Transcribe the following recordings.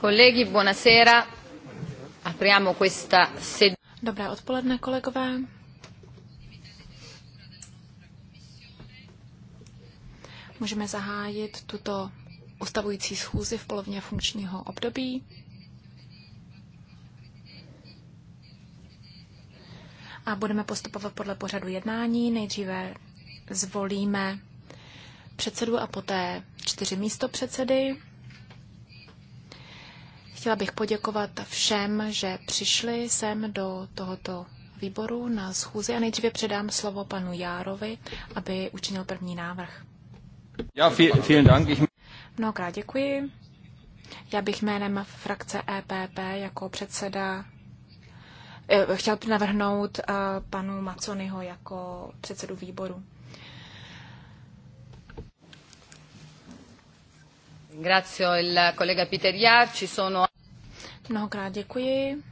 Kolegi, buonasera. Apriamo questa sed... Dobré odpoledne, kolegové. Můžeme zahájit tuto ustavující schůzi v polovině funkčního období. A budeme postupovat podle pořadu jednání. Nejdříve zvolíme předsedu a poté čtyři místo předsedy. Chtěla bych poděkovat všem, že přišli sem do tohoto výboru na schůzi a nejdříve předám slovo panu Járovi, aby učinil první návrh. Já vielen Dank. Mnohokrát děkuji. Já bych jménem frakce EPP jako předseda eh, chtěl bych navrhnout eh, panu Maconyho jako předsedu výboru. Grazie il collega Peter Jar, ci sono... Mnohokrát děkuji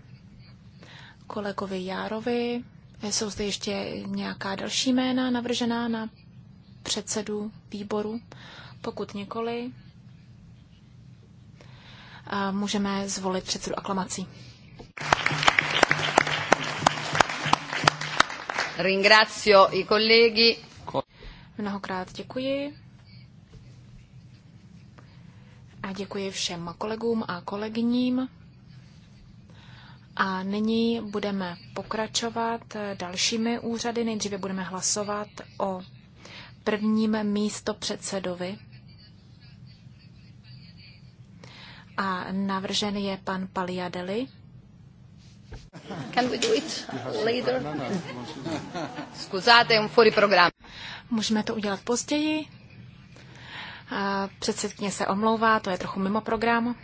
kolegovi Járovi. Jsou zde ještě nějaká další jména navržená na předsedu výboru? Pokud nikoli, můžeme zvolit předsedu aklamací. Ringrazio i colleghi. Mnohokrát děkuji. A děkuji všem kolegům a kolegyním. A nyní budeme pokračovat dalšími úřady. Nejdříve budeme hlasovat o prvním místo předsedovi. A navržen je pan Paliadeli. Can we do it later? Scusate, un fuori program. Můžeme to udělat později. Předsedkyně se omlouvá, to je trochu mimo program.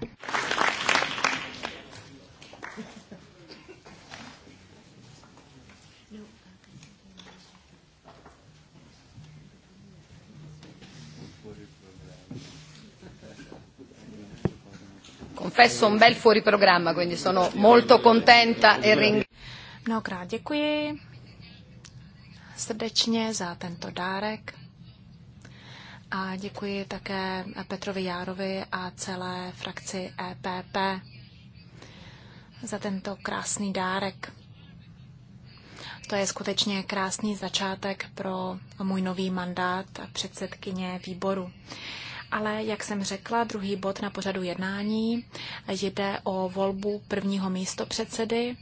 confesso un bel fuori programma, quindi sono molto contenta e ringrazio. Mnohokrát děkuji srdečně za tento dárek a děkuji také Petrovi Járovi a celé frakci EPP za tento krásný dárek. To je skutečně krásný začátek pro můj nový mandát předsedkyně výboru. Ale, jak jsem řekla, druhý bod na pořadu jednání jde o volbu prvního místo předsedy.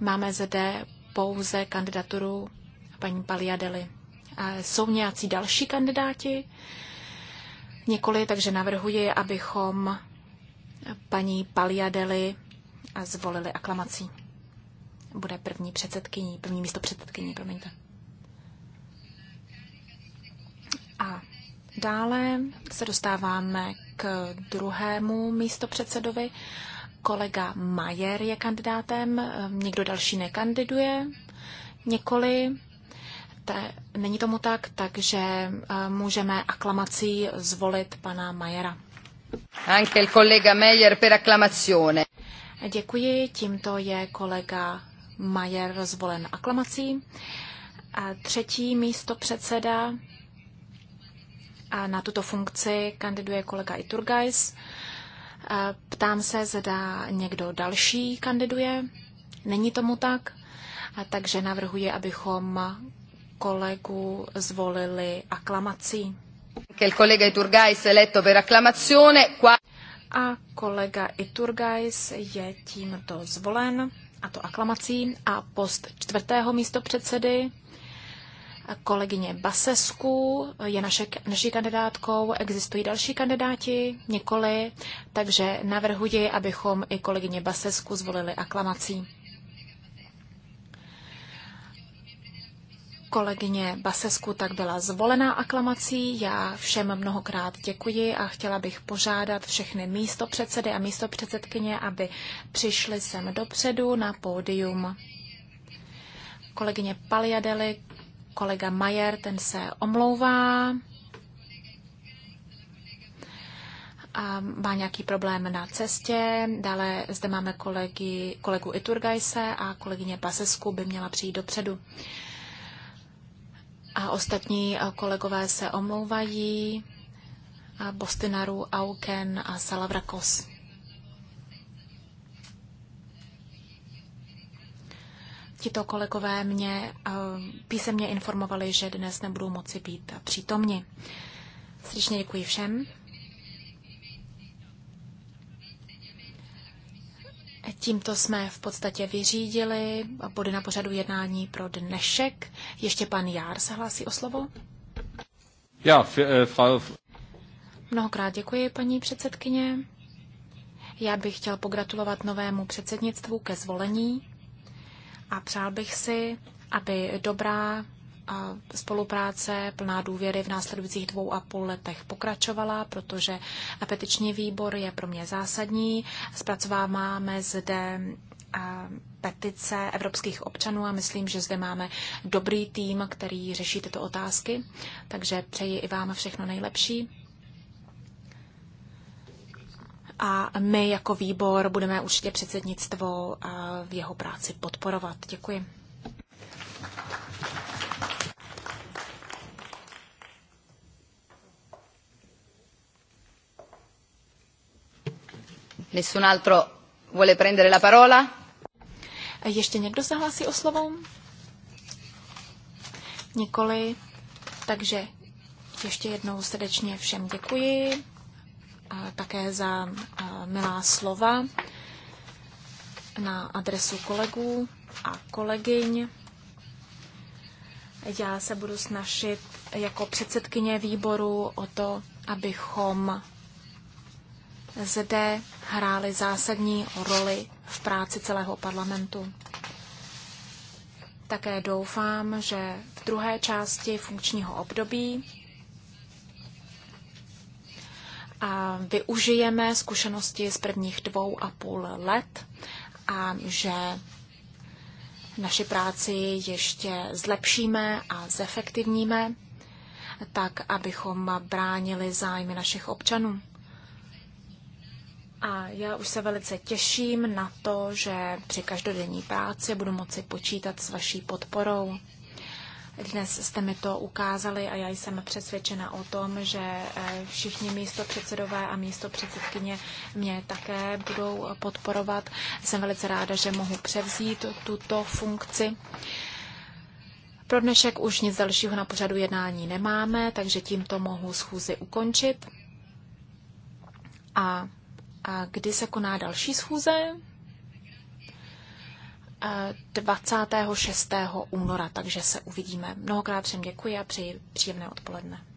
Máme zde pouze kandidaturu paní Paliadely. Jsou nějací další kandidáti? Nikoli, takže navrhuji, abychom paní Paliadely zvolili aklamací. Bude první předsedkyní, první místo předsedkyní, promiňte. Dále se dostáváme k druhému místopředsedovi. Kolega Majer je kandidátem, Někdo další nekandiduje, několik. Te, není tomu tak, takže eh, můžeme aklamací zvolit pana Majera. Anche il collega Mayer per acclamazione. Děkuji, tímto je kolega Majer zvolen aklamací. A třetí místo předseda na tuto funkci kandiduje kolega Iturgais. Ptám se, zda někdo další kandiduje. Není tomu tak, a takže navrhuji, abychom kolegu zvolili aklamací. Il Iturgais eletto per acclamazione. A kolega Iturgais je tímto zvolen, a to aklamací. A post čtvrtého místo předsedy Kolegyně Basesku je naše, naší kandidátkou, existují další kandidáti, nikoli, takže navrhuji, abychom i kolegyně Basesku zvolili aklamací. Kolegyně Basesku tak byla zvolená aklamací. Já všem mnohokrát děkuji a chtěla bych požádat všechny místopředsedy a místopředsedkyně, aby přišli sem dopředu na pódium. Kolegyně Paliadeli, kolega Majer, ten se omlouvá. A má nějaký problém na cestě. Dále zde máme kolegy, kolegu Iturgajse a kolegyně Pasesku by měla přijít dopředu. A ostatní kolegové se omlouvají. Bostinaru, Auken a Salavrakos. Tito kolegové mě eh, písemně informovali, že dnes nebudou moci být přítomni. Srdečně děkuji všem. Tímto jsme v podstatě vyřídili body na pořadu jednání pro dnešek. Ještě pan Jár se hlásí o slovo. Já, eh, f- Mnohokrát děkuji, paní předsedkyně. Já bych chtěl pogratulovat novému předsednictvu ke zvolení. A přál bych si, aby dobrá spolupráce plná důvěry v následujících dvou a půl letech pokračovala, protože petiční výbor je pro mě zásadní. Zpracováváme zde petice evropských občanů a myslím, že zde máme dobrý tým, který řeší tyto otázky. Takže přeji i vám všechno nejlepší a my jako výbor budeme určitě předsednictvo eh, v jeho práci podporovat. Děkuji. Nessun altro vuole prendere la parola? Ještě někdo se hlásí o slovo? Nikoli. Takže ještě jednou srdečně všem děkuji také za milá slova na adresu kolegů a kolegyň. Já se budu snažit jako předsedkyně výboru o to, abychom zde hráli zásadní roli v práci celého parlamentu. Také doufám, že v druhé části funkčního období a využijeme zkušenosti z prvních dvou a půl let a že naši práci ještě zlepšíme a zefektivníme, tak abychom bránili zájmy našich občanů. A já už se velice těším na to, že při každodenní práci budu moci počítat s vaší podporou. Dnes jste mi to ukázali a já jsem přesvědčena o tom, že eh, všichni místo předsedové a místo předsedkyně mě také budou podporovat. Jsem velice ráda, že mohu převzít tuto funkci. Pro dnešek už nic dalšího na pořadu jednání nemáme, takže tímto mohu schůzi ukončit. A, a kdy se koná další schůze? 26. února, takže se uvidíme. Mnohokrát všem děkuji a přeji příjemné odpoledne.